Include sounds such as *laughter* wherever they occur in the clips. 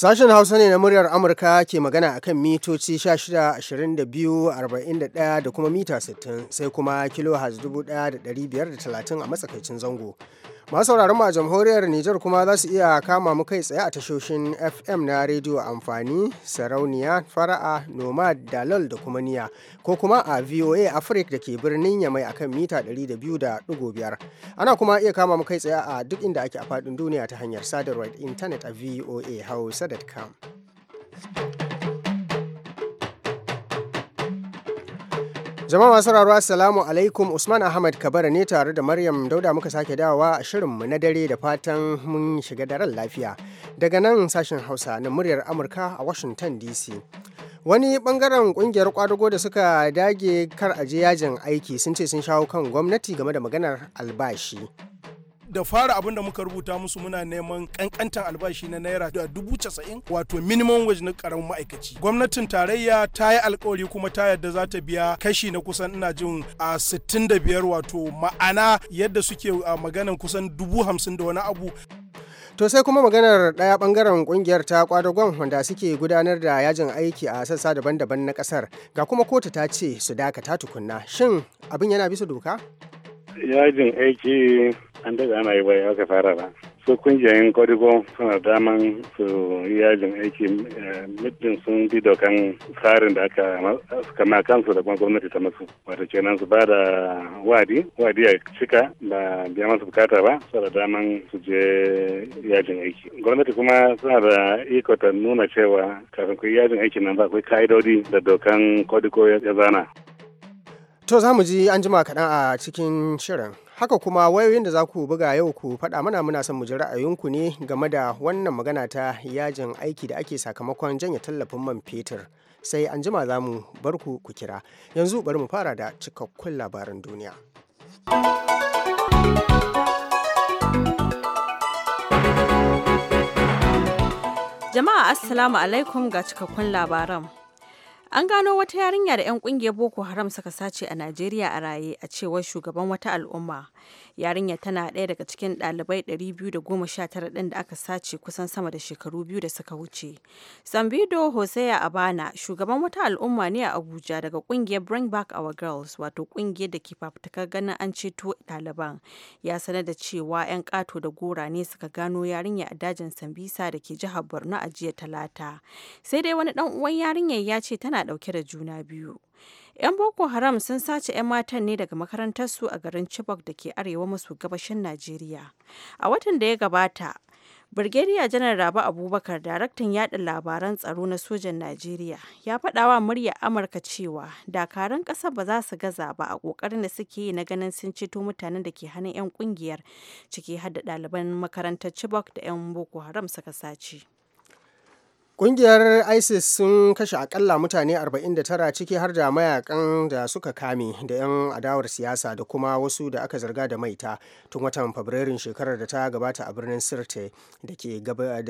Sashen Hausa ne na muryar Amurka ke magana akan mitoci 16 22 da kuma mita 60 sai kuma kilo 1530 a matsakaicin zango. masu mu a jamhuriyar Nijar kuma za su iya kama mu kai tsaye a tashoshin FM na rediyo amfani, sarauniya, fara'a, nomad dalal da kuma niya, ko kuma a VOA Africa da ke birnin Yamai akan mita 200.5. Ana kuma iya kama mu kai tsaye a duk inda ake a faɗin duniya ta hanyar sadarwar intanet a voa hausa.com. Jama'a masu sauraro Assalamu alaikum Usman Ahmad Kabara ne tare da Maryam Dauda muka sake dawowa a shirinmu na dare da fatan mun shiga daren lafiya. Daga nan sashen Hausa na muryar Amurka a Washington DC. Wani bangaren kungiyar kwadugo da suka dage kar aje yajin aiki sun ce sun shawo kan gwamnati game da maganar albashi. da fara abin da muka rubuta musu muna neman kankantan albashi na naira da dubu casa'in wato minimum wage na karamin ma'aikaci gwamnatin tarayya ta yi alkawari kuma ta yadda za ta biya kashi na kusan ina jin a sittin da biyar wato ma'ana yadda suke maganan kusan dubu hamsin da wani abu To sai kuma maganar ɗaya bangaren ƙungiyar ta kwadagon wanda suke gudanar da yajin aiki a sassa daban-daban na kasar ga kuma kotu ta ce su dakata tukunna shin abin yana bisa doka? Yajin aiki an daga ana yi bai aka fara ba su kungiyoyin kwadigo suna daman su yajin aiki eh, muddin sun bi dokan tsarin da aka kama kansu da kuma gwamnati ta masu wata ce nan su ba da wadi wadi ya cika ba biya masu bukata ba su da daman su je yajin aiki gwamnati kuma suna da iko ta nuna cewa kafin ku yajin aiki nan ba akwai ka'idodi da dokan kodigo ya zana. To za mu ji an jima kaɗan a cikin shirin. haka kuma wayoyin da za ku buga yau ku faɗa mana muna son mu ji ra'ayinku ne game da wannan magana ta yajin aiki da ake sakamakon janye tallafin man fetur sai an jima za mu bar ku ku kira yanzu bari mu fara da cikakkun labaran duniya jama'a assalamu alaikum ga cikakkun labaran An gano wata yarinya da 'yan kungiyar Boko Haram suka sace a Najeriya a raye a cewar shugaban wata al'umma. Yarinya tana ɗaya daga cikin ɗalibai 219 ɗin da aka sace kusan sama da shekaru biyu da suka wuce. Sambido Hosea Abana, shugaban wata al'umma ne a Abuja daga kungiyar Bring Back Our Girls, wato kungiyar da ke fafutukar ganin an ceto ɗaliban. Ya sanar da cewa 'yan ƙato da gora ne suka gano yarinya a dajin Sambisa da ke jihar Borno a jiya Talata. Sai dai wani ɗan uwan yarinyar ya ce tana tana dauke da juna biyu. 'Yan Boko Haram sun sace 'yan matan ne daga makarantarsu a garin Chibok da ke arewa maso gabashin Najeriya. A watan da ya gabata, Birgediya Janar Rabi Abubakar, daraktan yaɗa labaran tsaro na sojan Najeriya, ya faɗa wa muryar Amurka cewa dakarun ƙasar ba za su gaza ba a ƙoƙarin da suke yi na ganin sun ceto mutanen da ke hana 'yan ƙungiyar ciki har da ɗaliban makarantar Chibok da 'yan Boko Haram suka sace. Ƙungiyar ISIS sun kashe akalla mutane 49 ciki har da mayakan da suka kame da 'yan adawar siyasa da kuma wasu da aka zarga da maita tun watan Fabrairun shekarar da ta gabata a birnin Sirte da ke gabar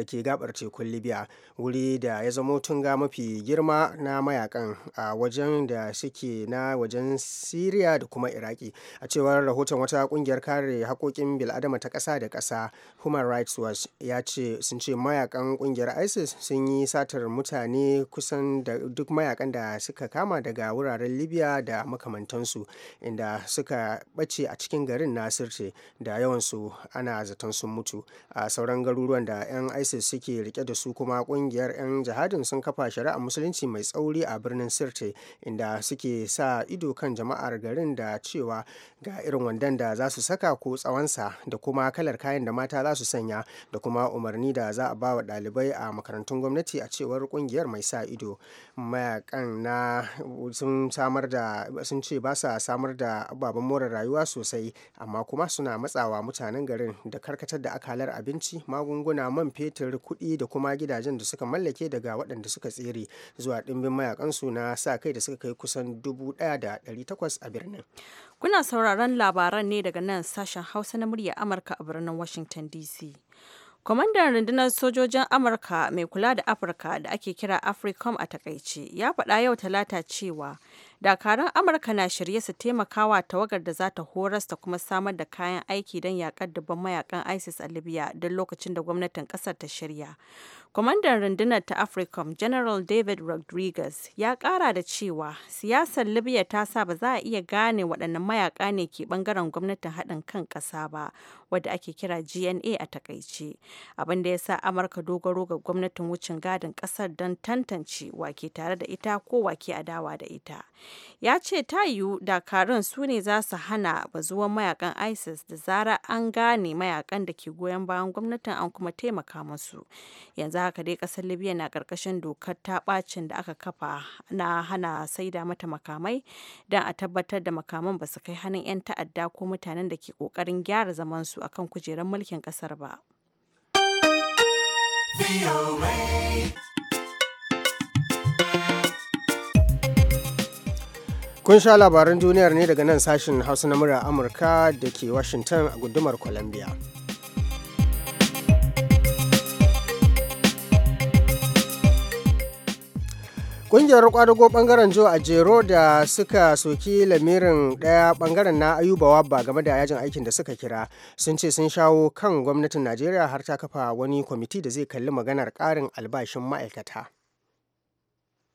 tekun Libya wuri da ya zamo ga mafi girma na mayakan a wajen da suke na wajen Siriya da kuma Iraki. A cewar rahoton wata ƙungiyar kare haƙoƙin bil'adama ta ƙasa da ƙasa Human Rights Watch ya ce sun ce mayakan ƙungiyar ISIS sun yi yi satar mutane kusan da duk mayakan da suka kama daga wuraren libya da makamantansu inda suka bace a cikin garin nasirce da yawansu ana zaton sun mutu a sauran garuruwan da 'yan isis suke rike da su kuma kungiyar 'yan jihadin sun kafa shari'a musulunci mai tsauri a birnin sirte inda suke sa ido kan jama'ar garin da cewa ga irin wandan da za su saka ko tsawonsa da kuma kalar kayan da mata za su sanya da kuma umarni da za a ba wa ɗalibai a makarantun gwamnati gwamnati a cewar kungiyar mai sa ido mayakan na sun samar da sun ce ba sa samar da ababen more rayuwa sosai amma kuma suna matsawa mutanen garin da karkatar da akalar abinci magunguna man fetur kuɗi da kuma gidajen da suka mallake daga waɗanda suka tsere zuwa ɗimbin mayakan su na sa kai da suka kai kusan dubu ɗaya da ɗari takwas a birnin kuna sauraron labaran ne daga nan sashen hausa na murya amurka a birnin washington dc Kwamandan rundunar sojojin Amurka mai kula da Afirka da ake kira AFRICOM a takaice ya faɗa yau Talata cewa dakarun amurka na shirye su taimakawa tawagar da za ta horas ta kuma samar da kayan aiki don yakar dubban mayakan isis a libya don lokacin da gwamnatin kasar ta shirya kwamandan rundunar ta africom general david rodriguez ya kara da cewa siyasar libya ta sa ba za a iya gane waɗannan mayaka ne ke bangaren gwamnatin haɗin kan ƙasa ba wadda ake kira gna a takaice abin da ya sa amurka dogaro ga gwamnatin wucin gadin ƙasar don tantance wake tare da ita ko wake adawa da ita ya ce ta yiwu dakarun su ne za su hana bazuwan mayakan isis da zara an gane mayakan da ke goyon bayan gwamnatin an kuma taimaka musu yanzu haka dai kasar libya na karkashin dokar ta bacin da aka kafa na hana saida mata makamai don a tabbatar da makaman ba su kai hannun 'yan ta'adda ko mutanen da ke kokarin gyara zaman zamansu akan kujerar mulkin kasar ba. Kun sha labaran duniyar ne daga nan sashen Hausa na murya Amurka da ke Washington a gundumar Columbia. Ƙungiyar kwadago bangaren jo a jero da suka soki lamirin daya bangaren na ayuba wabba game da yajin aikin da suka kira sun ce sun shawo kan gwamnatin Najeriya har ta kafa wani kwamiti da zai kalli maganar karin albashin ma'aikata.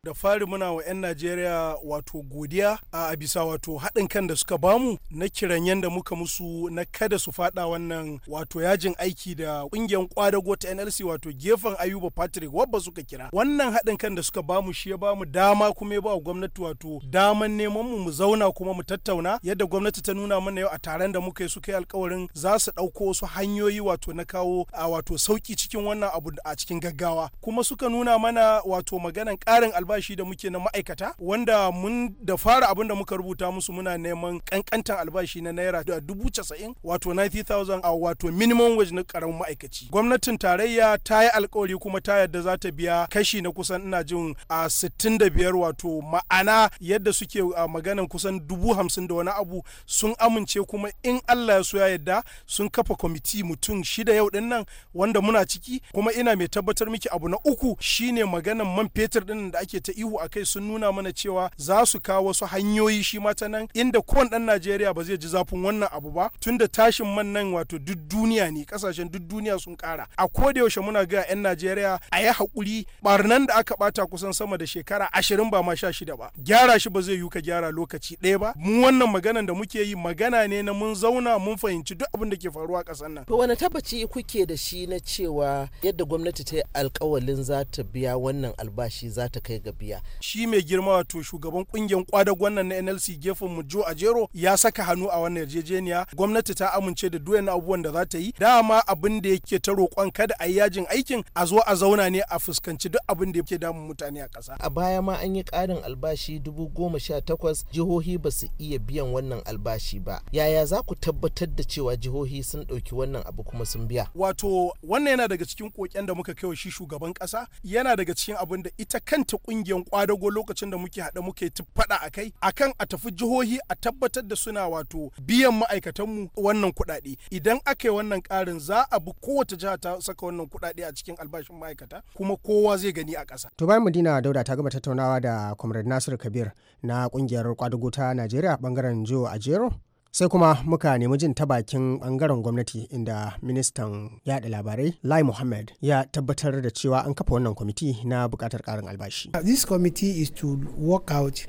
da fari muna wa 'yan najeriya wato godiya a bisa wato haɗin kan da suka bamu na kiran yadda muka musu na kada su faɗa wannan wato yajin aiki da ƙungiyar kwadago ta nlc wato gefen ayuba patrick wabba suka kira wannan haɗin kan da suka bamu shi ya bamu dama kuma ya ba gwamnati wato daman neman mu mu zauna kuma mu tattauna yadda gwamnati ta nuna mana yau a taron da muka yi suka yi alkawarin za su ɗauko wasu hanyoyi wato na kawo a wato sauki cikin wannan abu a cikin gaggawa kuma suka nuna mana wato maganan ƙarin albashi albashi da muke na ma'aikata wanda mun da fara abin da muka rubuta musu muna neman kankantan albashi na naira da dubu casa'in wato 90,000 a wato minimum wage na karamin ma'aikaci gwamnatin tarayya ta yi alkawari kuma ta yadda za ta biya kashi na kusan ina jin a 65 wato ma'ana yadda suke a maganan kusan dubu hamsin da wani abu sun amince kuma in Allah ya so ya yadda sun kafa kwamiti mutum shida yau din nan wanda muna ciki kuma ina mai tabbatar miki abu na uku shine maganan man fetur din da ake ta ihu a kai sun nuna mana cewa za su kawo wasu hanyoyi shi ma nan inda kowane ɗan Najeriya ba zai ji zafin wannan abu ba tunda tashin man nan wato duk duniya ne kasashen duk duniya sun kara a ko da yaushe muna ga 'yan Najeriya a yi haƙuri barnan da aka bata kusan sama da shekara ashirin ba ma sha shida ba gyara shi ba zai yiwu ka gyara lokaci ɗaya ba mu wannan maganan da muke yi magana ne na mun zauna mun fahimci duk abin da ke faruwa a ƙasar nan. To wani tabbaci kuke da shi na cewa yadda gwamnati ta yi alkawalin za ta biya wannan albashi za ta kai ga tafiya shi mai girma wato shugaban kungiyar kwada gwannan na NLC gefen mu Jo jero ya saka hannu a wannan yarjejeniya gwamnati ta amince da duwayen abubuwan da za ta yi dama abin da yake ta roƙon kada a yi yajin aikin a zo a zauna ne a fuskanci duk abin da yake damun mutane a ƙasa a baya ma an yi ƙarin albashi dubu goma sha takwas jihohi ba su iya biyan wannan albashi ba yaya za ku tabbatar da cewa jihohi sun ɗauki wannan abu kuma sun biya wato wannan yana daga cikin koken da muka kai wa shi shugaban ƙasa yana daga cikin abin da ita kanta kungiyar kwadago lokacin da muke haɗa muke tuffada a kai akan a tafi jihohi a tabbatar da suna wato biyan ma'aikatanmu wannan kuɗaɗe idan aka yi wannan ƙarin za a bi kowace jiha ta saka wannan kuɗaɗe a cikin albashin ma'aikata kuma kowa zai gani a ƙasa. to bayan madina dauda ta gama tattaunawa da comrade nasiru kabir na kungiyar kwadago ta najeriya bangaren jiho jero sai kuma muka nemi jin ta bakin bangaren gwamnati inda ministan Yaɗa labarai lai muhammad ya tabbatar da cewa an kafa wannan kwamiti na bukatar ƙarin albashi this committee is to work out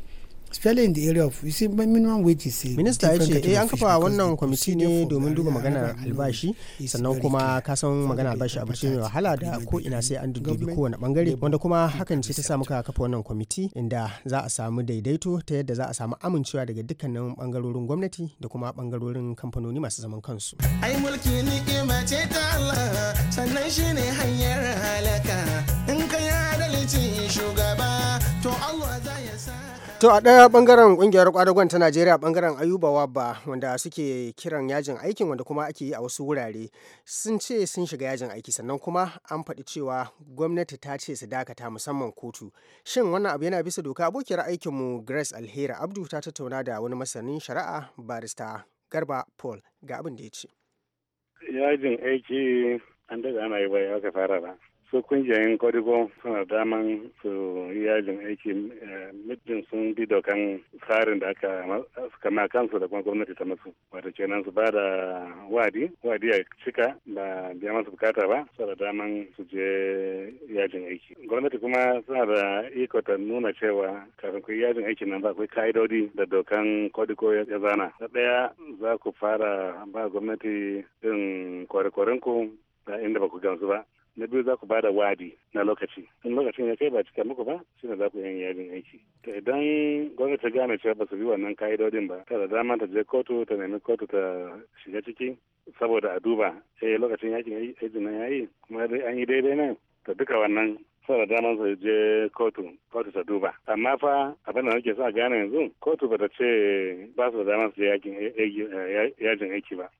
especially in the area of you see minimum wage is uh, minister ya ce eh an kafa wannan kwamiti ne domin duba magana albashi sannan kuma ka san magana albashi abu ce wahala da ko ina sai an dubi kowane bangare wanda kuma hakan ce ta sa muka kafa wannan kwamiti inda za a samu daidaito ta yadda za a samu amincewa daga dukkanin bangarorin gwamnati da kuma bangarorin kamfanoni masu zaman kansu ai mulki ni ce ta Allah sannan shine hanyar halaka To a ɗaya ɓangaren ƙungiyar ƙwadagon ta Najeriya ɓangaren Ayuba Wabba wanda suke kiran yajin aikin wanda kuma ake yi a wasu wurare sun ce sun shiga yajin aiki sannan kuma an faɗi cewa gwamnati ta ce su dakata musamman kotu. Shin wannan abu yana bisa doka abokiyar aikinmu Grace Alheri Abdu ta tattauna da wani masanin shari'a barista Garba Paul ga abin da ya ce. Yajin aiki an daga ana yi bai haka fara ba. su kungiyoyin kwadugo suna daman su yajin aiki eh, muddin sun bi dokan tsarin da aka kama kansu da kuma gwamnati ta masu ce kenan su ba da wadi wadi ya cika ba biya masu bukata ba su da daman su je yajin aiki gwamnati kuma suna da iko ta nuna cewa kafin ku yajin aiki nan ba akwai ka'idodi da dokan kwadugo ya zana na ɗaya za ku fara ba gwamnati irin kwarikwarinku da inda ba ku gamsu ba na biyu za ku ba da wadi na lokaci in lokacin ya kai ba cika muku ba shi ne za ku yin yajin aiki to idan gwamnati ta gane cewa ba su bi wannan ka'idodin ba ta da dama ta je kotu ta nemi kotu ta shiga ciki saboda a duba eh lokacin yakin aiki na yayi kuma an yi daidai ne to duka wannan da dama su je kotu kotu ta duba amma fa abin da nake sa gane yanzu kotu bata ce ba su da damar su eh, eh, yajin aiki ba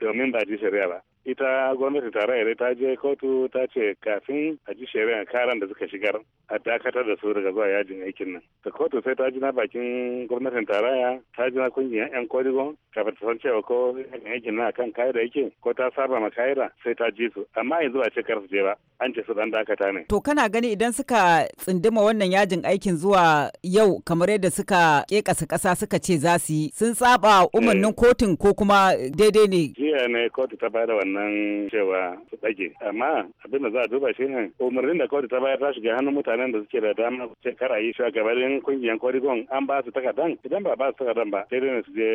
domin ba ji shari'a ba ita gwamnatin tarayya ta je kotu ta ce kafin a ji shari'a karan da suka shigar a dakatar da su daga zuwa yajin aikin nan ta kotu sai ta ji na bakin gwamnatin taraya ta ji na kungiyar yan kodigo kafin ta san cewa ko yajin aikin nan akan ka'ida yake ko ta saba ma ka'ida sai ta ji su amma yanzu ba ce kar su je ba an ce su dan dakata ne to kana gani idan suka tsinduma wannan yajin aikin zuwa yau kamar yadda suka kekasa kasa suka ce za su yi sun saba umarnin eh. kotun ko kuma daidai ne jiya ne kotu ta bayar wannan cewa su tsage amma abin da za a duba shi ne umarnin da kotu ta bayar ta shiga hannun mutanen da suke da dama ce kar a yi shugabannin kungiyan korigon an ba su takardan idan ba ba su takardan ba sai dai su je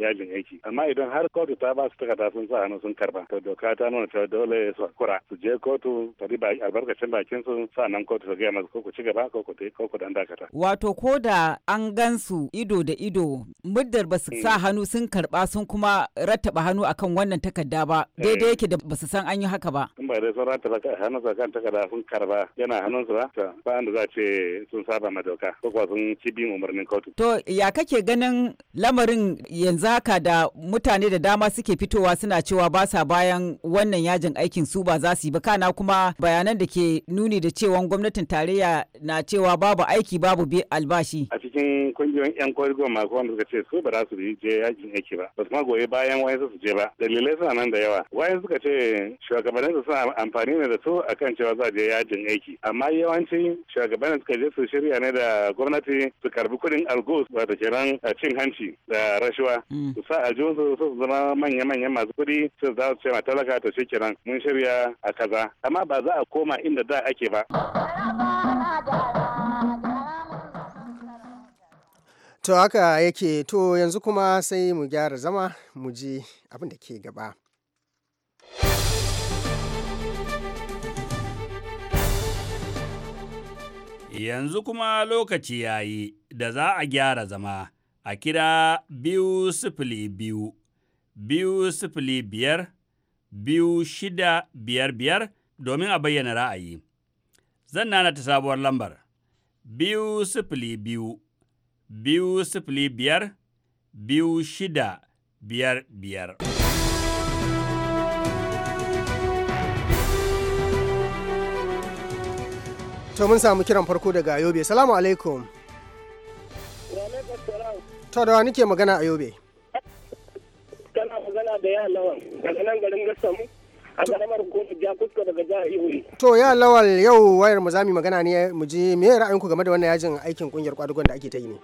yajin aiki amma idan har kotu ta ba su takarda sun sa hannu sun karba to doka ta nuna cewa dole su hakura su je kotu ta riba albarkacin bakin su nan kotu ta gaya masu ko ku ci gaba ko ku ko ku dan dakata wato ko da an gan gansu ido da ido muddar ba su mm. sa hannu sun karba sun kuma rattaba hannu a akan wannan takarda ba eh. daidai yake da basu san an yi haka ba in ba dai sun rata hannunsa kan takarda sun karba yana su ba ba da za ce sun saba ma doka ko kuwa sun ci bin umarnin kotu to ya kake ganin lamarin yanzu haka da mutane da dama suke fitowa suna cewa ba sa bayan wannan yajin aikin su ba za su yi ba kana kuma bayanan da ke nuni da cewa gwamnatin tarayya na cewa babu aiki babu bi albashi a cikin kungiyoyin yan kwarigo ma wanda suka ce su ba za su je yajin aiki ba ba su ma goyi bayan wani su je ba dalilai suna nan da yawa wayan suka ce shugabannin su suna amfani ne da su akan cewa za je yajin aiki amma yawanci shugabannin suka je su shirya ne da gwamnati su karbi kuɗin algus wato kenan cin hanci da rashuwa hmm. su sa a aljihunsu su zama manya-manyan masu kuɗi su za su ce ma talaka ta shi kenan mun shirya a kaza amma ba za a koma inda da ake ba. To haka yake to yanzu kuma sai mu gyara zama mu ji abin da ke gaba. Yanzu kuma lokaci ya yi da za a gyara zama a kira biyu sifili biyu, biyu sifili biyar, biyu shida biyar biyar domin a bayyana ra'ayi. Zan nana ta sabuwar lambar, biyu sifili biyu. biyu sifili biyar biyu shida biyar biyar. To mun samu kiran farko daga Ayobe. Salamu alaikum. To da nike magana Ayobe. Kana magana da ya lawan daga nan garin Gassamu. a ja kuska daga jihar To ya lawal yau wayar mu za mu magana ne mu ji me ra'ayinku game da wannan yajin aikin kungiyar kwadugon da ake ta yi ne.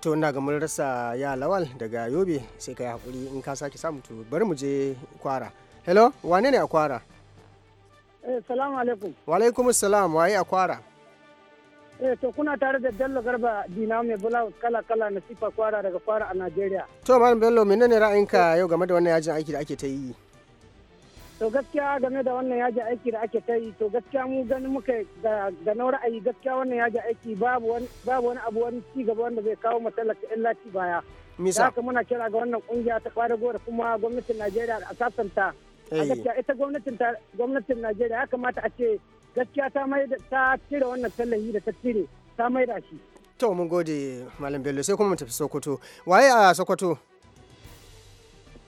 to na ga mun rasa ya lawal daga yobe sai ka yi hakuri in ka sake samu to bari mu je kwara hello wane ne a kwara eh salamu alaikum wa alaikum waye a kwara eh to kuna tare da Bello Garba Dina mai bulawu kala kala na sifa kwara daga kwara a Najeriya to malam Bello menene ra'ayinka yau game da wannan yajin aiki da ake ta yi to gaskiya game da wannan yaji aiki da ake ta to gaskiya mu gani muka da na ra'ayi gaskiya wannan yaji aiki babu wani abu wani ci gaba wanda zai kawo ta yan ci baya misa haka muna kira ga wannan kungiya ta kwadago da kuma gwamnatin Najeriya da asasanta ta gaskiya ita gwamnatin gwamnatin Najeriya ya kamata a ce gaskiya ta mai ta cire wannan tallafi da ta cire ta mai da shi to mun gode malam Bello sai kuma mu tafi Sokoto waye a Sokoto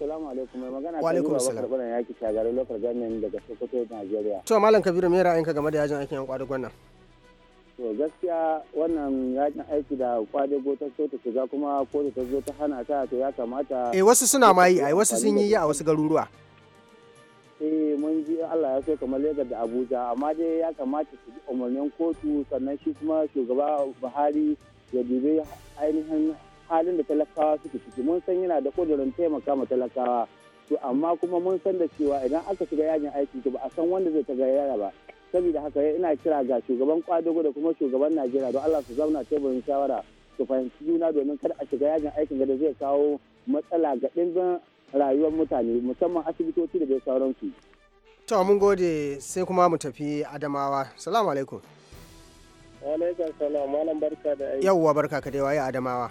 Assalamu alaikum mai magana ta wa yaki lokar daga Sokoto Najeriya. To Malam Kabiru me ra'ayinka game da yajin nan? To wannan yajin aiki da ta so Eh wasu suna ma yi wasu sun yi a wasu garuruwa. eh mun ji Allah ya so kamar Lagos da Abuja amma dai ya kamata su umarnin kotu sannan shi kuma shugaba Buhari ya dubi ainihin halin da talakawa suke ciki mun san yana da kudurin taimaka ma talakawa to amma kuma mun san da cewa idan aka shiga yajin aiki ba a san wanda zai ta gayara ba saboda haka ina kira ga shugaban kwadago da kuma shugaban najeriya don allah su zauna teburin shawara su fahimci juna domin kada a shiga yajin aikin da zai kawo matsala ga ɗimbin rayuwar mutane musamman asibitoci da dai sauransu. to mun gode sai kuma mu tafi adamawa salamu alaikum. alaikum salam malam barka da aiki. yawwa barka ka dai waye adamawa.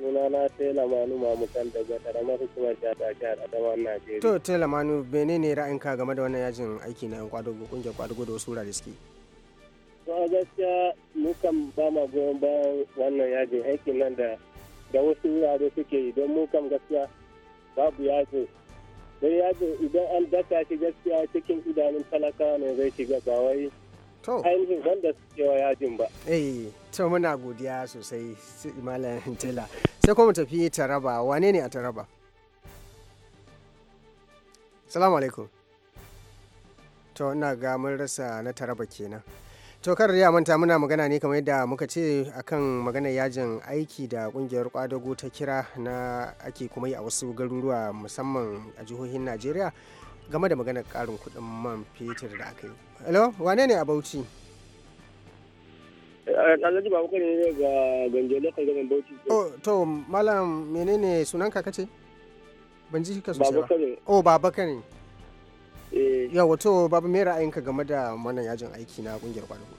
sunana tela manu mamukan daga karamar hukumar jata a adama najeriya to tela manu ne ra'ayinka game da wannan yajin aiki na yan kwadugo kungiyar kwadugo da wasu wurare suke to a gaskiya mukan ba ma goyon bayan wannan yajin aikin nan da da wasu wurare suke yi don mukan gaskiya babu yajin don yajin idan an daka shi gaskiya cikin idanun talakawa ne zai shiga ba wai To. Ainihin wanda suke wa yajin ba. Eh, to muna godiya sosai Malam Tela. sai kuma tafi taraba wane ne a taraba salamu alaikum to ina ga mun rasa na taraba kenan to kar ya manta muna magana ne kamar yadda muka ce akan maganar yajin aiki da kungiyar kwadago ta kira na ake kuma yi a wasu garuruwa musamman a jihohin najeriya game da maganar karin kudin man fetur da aka yi hello wane ne a bauchi Eh, Alhaji Babu Kane ne ga Ganje Lokal Gaban Bauchi. Oh, to malam menene sunan ka kace? Ban ji ka sosai ba. Babakare. Oh, ne Eh. Yawa to babu me ra'ayinka game da wannan yajin aiki na kungiyar kwadago?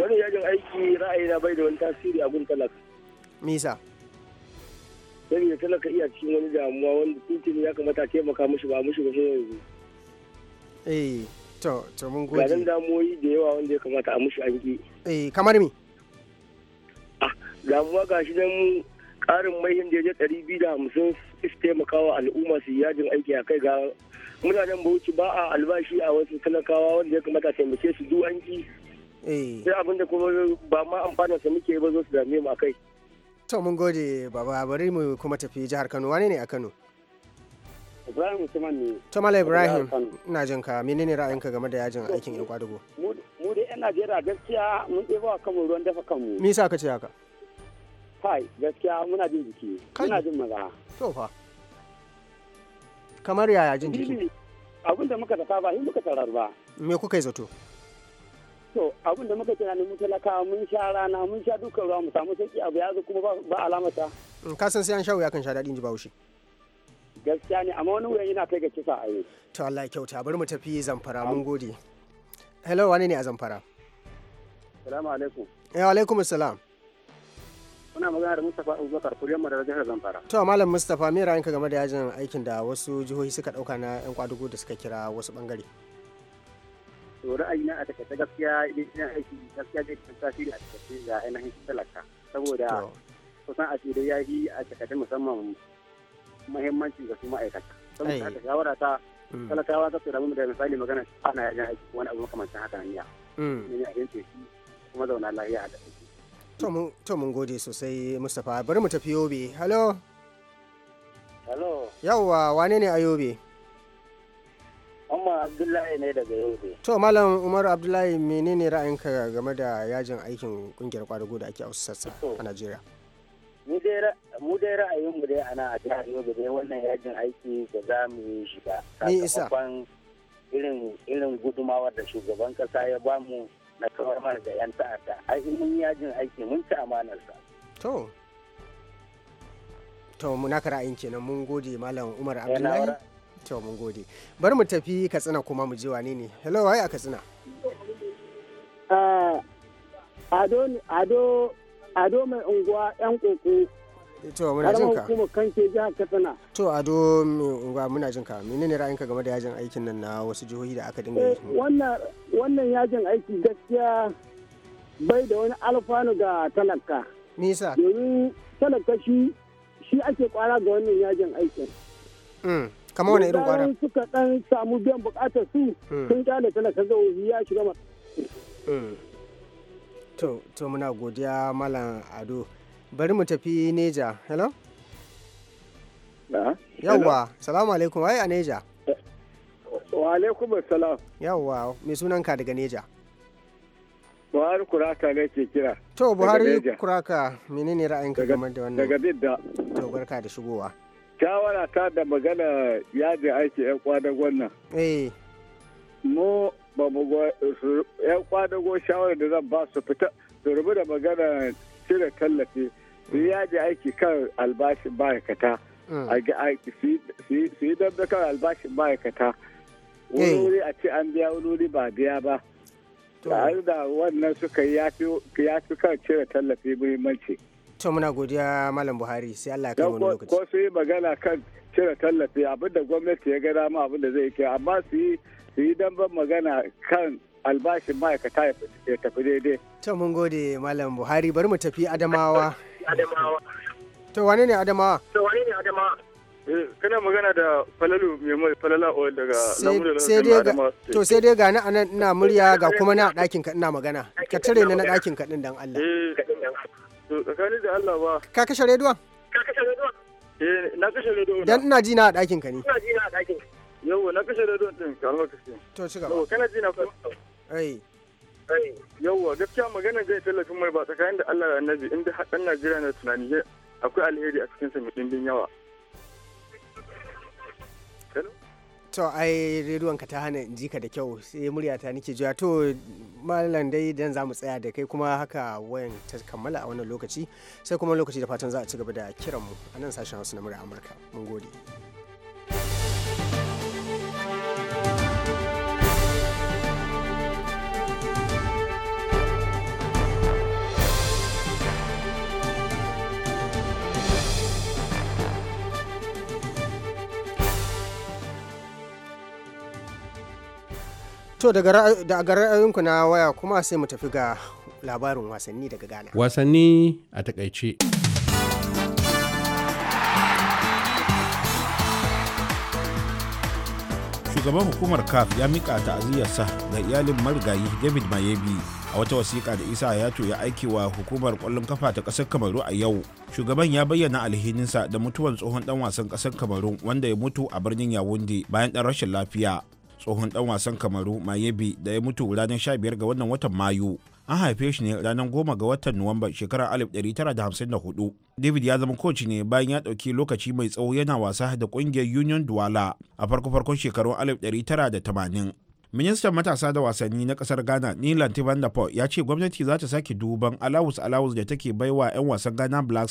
Wani yajin aiki ra'ayi na bai da wani tasiri a gun talaka. Misa. Sai da ka iya cikin wani damuwa wanda tuntuni ya kamata a taimaka mushi ba mushi ba sai yanzu. Eh. To, to mun gode. Garin damuwoyi da yawa wanda ya kamata a mushi an ki. Eh, kamar mi? Ah, damuwa ga shi nan ƙarin maihin da ya ɗari biyu da hamsin su taimakawa al'umma su yajin aiki a kai ga mutanen Bauchi ba a albashi a wasu talakawa wanda ya kamata taimake su duk an ki. Eh. Sai abinda kuma ba ma amfana sa muke ba zo su dame mu a kai. To mun gode baba bari mu kuma tafi jihar Kano wane ne a Kano? Ibrahim Usman ne. Tamal Ibrahim ina jin ka menene ra'ayinka game da yajin aikin yan kwadugo? Mu da yan Najeriya gaskiya mun ɗebo a kanmu ruwan dafa kanmu. Me yasa ka ce haka? Kai gaskiya muna jin jiki. Muna jin maza. To fa. Kamar yaya jin jiki? Abin da muka tafa ba, hin muka tarar ba. Me kuka yi zato? to abin da muka tunanin mun talaka mun sha rana mun sha dukkan ruwa mu samu sauki abu ya zo kuma ba alamata. Mm, ka san sai an sha wuya kan sha daɗin ji ba gaskiya ne amma wani wurin yana kai ga kisa a yi to Allah ya kyauta bari mu tafi zamfara mun gode hello wani ne a zamfara salamu alaikum eh alaikum assalam muna magana da Mustapha Abubakar kuryan madara jihar Zamfara to malam Mustapha me ra'ayinka game da yajin aikin da wasu jihohi suka dauka na yan kwadugo da suka kira wasu bangare to na a ta gaskiya idan aiki gaskiya zai kan tasiri a takaice ga ainihin talaka saboda kusan a cikin yayi a takaice musamman muhimmanci ga su ma'aikata saboda shawara ta mm. talakawa ta tsira mun da misali magana ana yajin aiki wani abu makamancin haka nan mm. Mun yi a yanke shi kuma zauna lafiya da to mun gode sosai mustapha bari mu tafi yobe halo halo yawwa wane ne a yobe Umar Abdullahi ne daga Yobe. To Malam Umar Abdullahi menene ra'ayinka game da yajin aikin kungiyar kwadago da ake a wasu sassa a Najeriya? mu dai ra'ayinmu dai ana a jihar Yobe dai wannan yajin aiki da za mu yi shi ba. Sakamakon irin irin gudumawar da shugaban kasa ya bamu na kawar mana da 'yan ta'adda. Ai mun yajin aiki mun ci amanarsa. To. To muna ka ra'ayin kenan mun gode Malam Umar eh, Abdullahi. To mun gode. Bari mu tafi Katsina kuma mu je wane ne. Hello waye a Katsina? Ah, Ado Ado mai unguwa 'yan koko. Eh, to muna jin ka. Kuma ke jihar Katsina. To Ado unguwa muna jin ka. Menene ra'ayinka game da yajin aikin nan na wasu jihohi da aka dinga yi? Eh, wannan wannan yajin aiki gaskiya bai da wani alfanu ga talaka. Nisa. Domin talaka shi shi ake kwara ga wannan yajin aikin. Mm, kamar wani irin kwara? Suka dan samu biyan bukatar su mm. sun kyale talaka zai ya shiga ma mm. to to muna godiya malam ado bari mu tafi neja hello yawwa salamu alaikum ai a neja wa alaikum salam yawwa mai sunanka daga neja buhari kuraka ne ke kira to buhari kuraka menene ra'ayinka game da wannan daga bidda to barka da shigowa shawara ta da magana yajin aiki yan kwanan wannan eh mu ba mu yan kwadago shawarar da zan ba su fita su rubu da magana cire tallafi su yaji aiki kan albashin ma'aikata mm. su yi dambe kan albashin ma'aikata mm. wani wuri a ce an biya wani wuri ba biya ba tare da wannan suka yafi kan cire tallafi muhimmanci. to muna godiya malam buhari sai allah ya kai wani lokaci ko su yi magana kan cire tallafi abinda gwamnati ya ga dama abinda zai ke amma su yi su yi damban magana kan albashin ma'aikata ya tafi daidai to mun gode malam buhari bari mu tafi adamawa *laughs* adamawa to wane ne adamawa to wane ne adamawa eh, kana magana da falalu mai mai falala oil daga lamurin to sai dai ga ni anan ina murya ga kuma na ɗakin ka ina magana ka tare ni na ɗakin ka din dan Allah eh, To da Allah ba. Ka kashe rediyon? Ka kashe rediyon? Eh, na kashe rediyon. Dan ina ji na a ɗakin ka ne. Ina ji na a ɗakin. Yawwa na kashe rediyon ɗin kalmar kashe. To ci gaba. Yawwa kana ji na kuma. Ai. Ai, yawwa gaskiya magana zai tallafin mai ba tsakanin da Allah da Annabi inda haɗan Najeriya na tunani akwai alheri a cikin sa mai ɗimbin yawa. to ai ka ta hana inji ka da kyau sai murya ta nake jiya to malam dai dan za mu tsaya da kai kuma haka wayan ta kammala a wannan lokaci sai kuma lokaci da fatan za a ci gaba da kiran mu a nan sashen hausa na murya amurka mun gode To daga ra'ayinku na waya kuma sai mu tafi ga labarin wasanni daga Ghana. Wasanni a takaice. Shugaban hukumar CAF ya miƙa ta'aziyarsa ga iyalin marigayi David Mayebi a wata wasiƙa da Isa ya ya aiki wa hukumar ƙwallon kafa ta ƙasar Kamaru a yau. Shugaban ya bayyana alhininsa da mutuwar tsohon ɗan wasan ƙasar Kamaru wanda ya mutu a birnin Yawunde bayan ɗan rashin lafiya. tsohon dan wasan kamaru mayebi da ya mutu ranar 15 ga wannan watan mayu an haife shi ne ranar 10 ga watan nuwamba shekarar 1954 david ya zama coach ne bayan ya ɗauki lokaci mai tsawo yana wasa da ƙungiyar union duwala a farko-farkon shekarun 1980 ministan matasa da wasanni na kasar ghana nilanti van ya ce gwamnati za ta sake duban alawus alawus da take baiwa 'yan wasan ghana black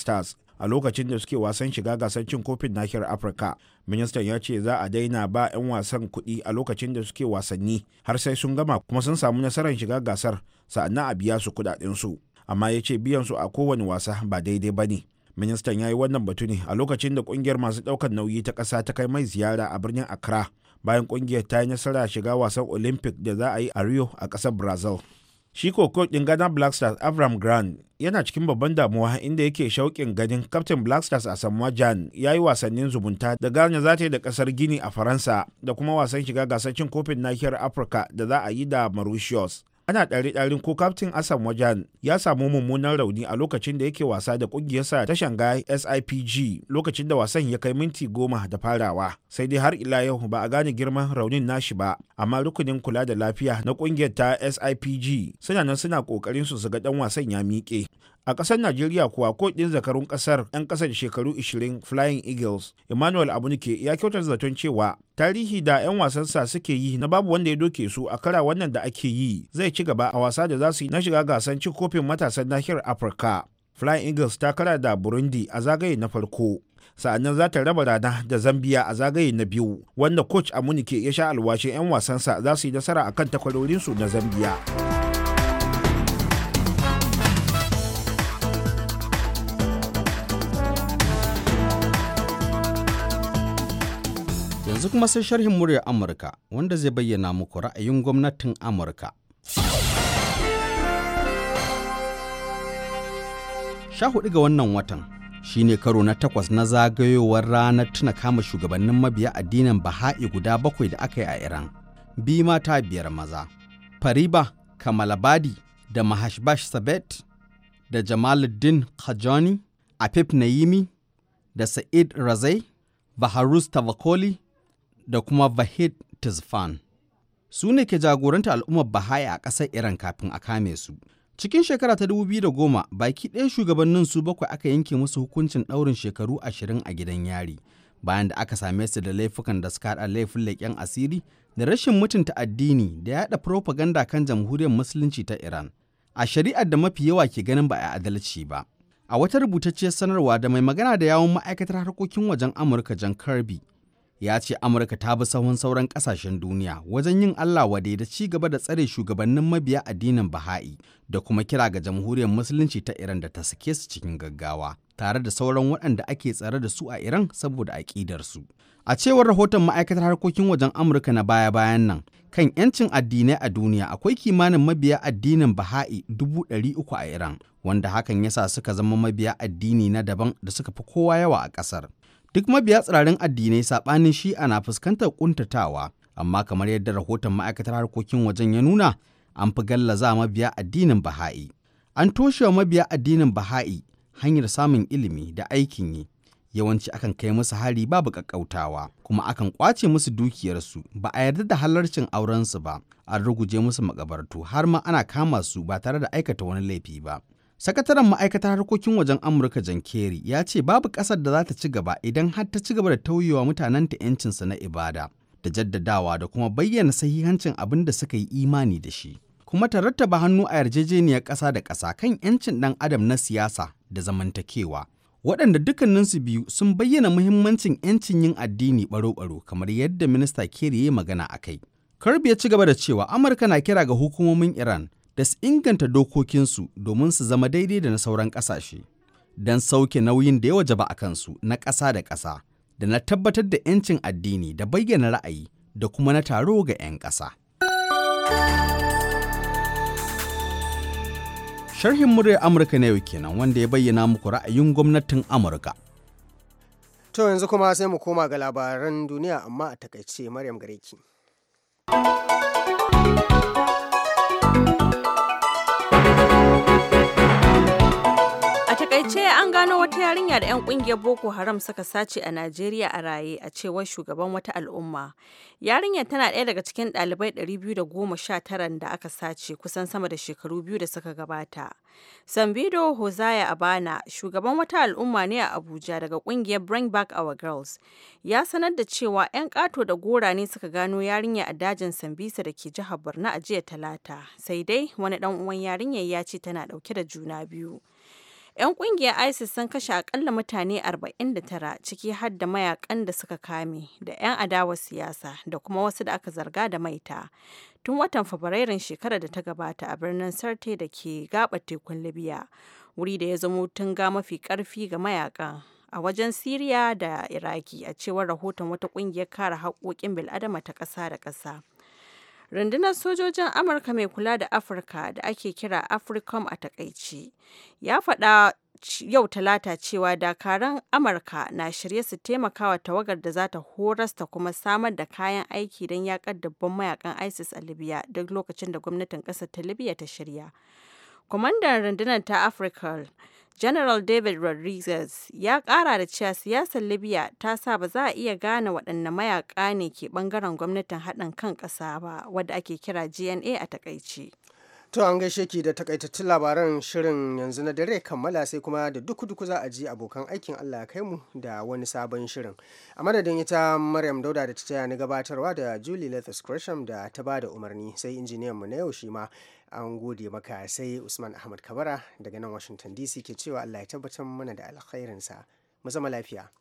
a lokacin da suke wasan shiga gasar cin kofin nahiyar afirka ministan ya ce za a daina ba 'yan wasan kuɗi a lokacin da suke wasanni har sai sun gama kuma sun samu nasarar shiga gasar sa'annan a biya su su. amma ya ce biyan su a kowane wasa ba daidai ba ne ministan ya yi wannan batu ne a lokacin da kungiyar masu ɗaukar nauyi ta ƙasa ta kai mai ziyara a birnin accra bayan ƙungiyar ta yi nasara shiga wasan olympic da za a yi a rio a ƙasar brazil shi koko ɗin Ghana Black Stars Avram Grant yana cikin babban damuwa inda yake shauƙin ganin Captain Black Stars a Samuwa Jan ya yi wasannin zumunta da Ghana za ta yi da ƙasar Gini a Faransa da kuma wasan shiga gasar cin kofin nahiyar Afirka da za a yi da Mauritius. ana ɗari-ɗarin ko kaftin asan wajen ya samu mummunan rauni a lokacin da yake wasa da ƙungiyarsa ta Shanghai SIPG lokacin da wasan ya kai minti goma da farawa. Sai dai har ila yau ba a gane girman raunin nashi ba, amma rukunin kula da lafiya na ƙungiyar ta SIPG suna nan suna ƙoƙarin su su ga ɗan wasan ya miƙe. a ƙasar najeriya kuwa ɗin zakarun ƙasar 'yan ƙasar shekaru 20 flying eagles emmanuel abunike ya kyautar zaton cewa tarihi da 'yan wasansa suke yi na babu wanda ya doke su a kara wannan da ake yi zai ci gaba a wasa da za su yi na shiga gasan cin kofin matasan nahiyar afirka flying eagles ta kara da burundi a zagaye na farko sa'annan za ta raba rana da zambia a zagaye na biyu wanda coach amunike ya sha alwashin 'yan wasansa za su yi nasara akan takwarorinsu na zambia. yanzu kuma sai sharhin muryar Amurka wanda zai bayyana muku ra'ayin gwamnatin Amurka. Sha hudu ga wannan watan shi ne karo na takwas na zagayowar ranar tuna kama shugabannin mabiya addinin Baha'i guda bakwai da aka yi a Iran, bi mata biyar maza, Fariba, Kamalabadi da Mahashbash Sabet da Jamaluddin Khajani, Afif Naimi da Sa'id Razai, Baharus Tavakoli da kuma Vahid Tizfan. Su ne ke jagoranta al'ummar Bahaya a ƙasar Iran kafin a kame su. Cikin shekara ta dubu biyu da goma baki ɗaya shugabannin su bakwai aka yanke musu hukuncin ɗaurin shekaru ashirin a gidan yari bayan da aka same su da laifukan da suka haɗa laifin leƙen asiri da rashin mutunta addini da yaɗa propaganda kan jamhuriyar musulunci ta Iran. A shari'ar da mafi yawa ke ganin ba a adalci ba. A wata rubutacciyar sanarwa da mai magana da yawon ma'aikatar harkokin wajen Amurka jan Kirby ya ce amurka ta bi sahun sauran kasashen duniya wajen yin allah wa da ci gaba da tsare shugabannin mabiya addinin baha'i da kuma kira ga jamhuriyar musulunci ta iran da ta sake su cikin gaggawa tare da sauran waɗanda ake tsare da su a iran saboda aƙidar su. a cewar rahoton ma'aikatar harkokin wajen amurka na baya-bayan nan kan 'yancin addinai a duniya akwai kimanin mabiya addinin baha'i dubu ɗari uku a iran wanda hakan yasa suka zama mabiya addini na daban da suka fi kowa yawa a ƙasar Duk mabiya tsirarin addinai saɓanin shi ana fuskantar ƙuntatawa, amma kamar yadda rahoton ma'aikatar harkokin wajen ya nuna, an fi gallaza mabiya addinin Baha'i. An toshe wa mabiya addinin Baha'i hanyar samun ilimi da aikin yi. Yawanci akan kai musu hari babu ƙaƙƙautawa, kuma akan ƙwace musu dukiyarsu ba a yarda da halarcin aurensu ba, an ruguje musu makabartu har ma ana kama su ba tare da aikata wani laifi ba. Sakataren Ma'aikatar Harkokin Wajen Amurka John Kerry ya ce babu ƙasar da za ta ci gaba idan har ta ci gaba da tauyewa mutanenta 'yancinsa na ibada da jaddadawa da kuma bayyana sahihancin abin da suka yi imani da shi. Kuma ta rattaba hannu a yarjejeniyar ƙasa da ƙasa kan 'yancin ɗan adam na siyasa da zamantakewa. Waɗanda dukkaninsu biyu sun bayyana muhimmancin 'yancin yin addini ɓaro baro kamar yadda Minista Kerry ya yi magana a kai. Kirby ya ci gaba da cewa Amurka na kira ga hukumomin Iran da su inganta dokokinsu domin su zama daidai da na sauran ƙasashe don sauke nauyin da ya wajaba a kansu na ƙasa da ƙasa da na tabbatar da 'yancin addini da bayyana ra'ayi da kuma na taro ga 'yan ƙasa. Sharhin muryar Amurka na yau kenan wanda ya bayyana muku ra'ayin gwamnatin Amurka. To yanzu kuma sai mu koma ga labaran duniya amma a takaice Maryam Gareki. gano wata yarinya da 'yan kungiyar Boko Haram suka sace a Najeriya a raye a cewar shugaban wata al'umma. Yarinyar tana ɗaya daga cikin ɗalibai 219 da aka sace kusan sama da shekaru biyu da suka gabata. Sambido Hosaya Abana, shugaban wata al'umma ne a Abuja daga kungiyar Bring Back Our Girls, ya sanar da cewa 'yan kato da gora ne suka gano yarinya a dajin Sambisa da ke jihar Borno a jiya Talata. Sai dai wani ɗan uwan yarinyar ya ce tana ɗauke da juna biyu. 'Yan kungiyar ISIS sun kashe akalla mutane 49 ciki har da mayakan da suka kame da 'yan adawa siyasa da kuma wasu da aka zarga da maita. Tun watan Fabrairun shekarar da ta gabata a birnin Sarte da ke gaba tekun Libya, wuri da ya zamo tunga mafi karfi ga mayakan. a wajen Siriya da Iraki a cewar rahoton wata kungiyar kare haƙoƙin bil'adama ta ƙasa da ƙasa. rundunar sojojin amurka mai kula da afirka da ake kira africom a takaici ya faɗa yau talata cewa dakaran amurka na shirye su taimakawa tawagar da za ta horas ta kuma samar da kayan aiki don yakar dabban mayakan isis a libya duk lokacin da gwamnatin ƙasar ta libya ta shirya kwamandan rundunar ta afirka General David Rodriguez ya kara da cewa siyasar Libya ta sa ba za a iya gane waɗanne mayaka ne ke bangaren gwamnatin haɗin kan ƙasa ba wadda ake kira GNA a takaice. To an gaishe ki da takaitattun labaran shirin yanzu na dare kammala sai kuma da duk duku za a ji abokan aikin Allah kai mu da wani sabon shirin. A madadin ita Maryam Dauda da ta taya ni gabatarwa da Julie Lethes Gresham da ta ba da umarni sai injiniyan mu na yau shi ma an gode maka sai usman ahmad kabara daga nan washington dc ke cewa allah ya tabbatar mana da alkhairinsa mu zama lafiya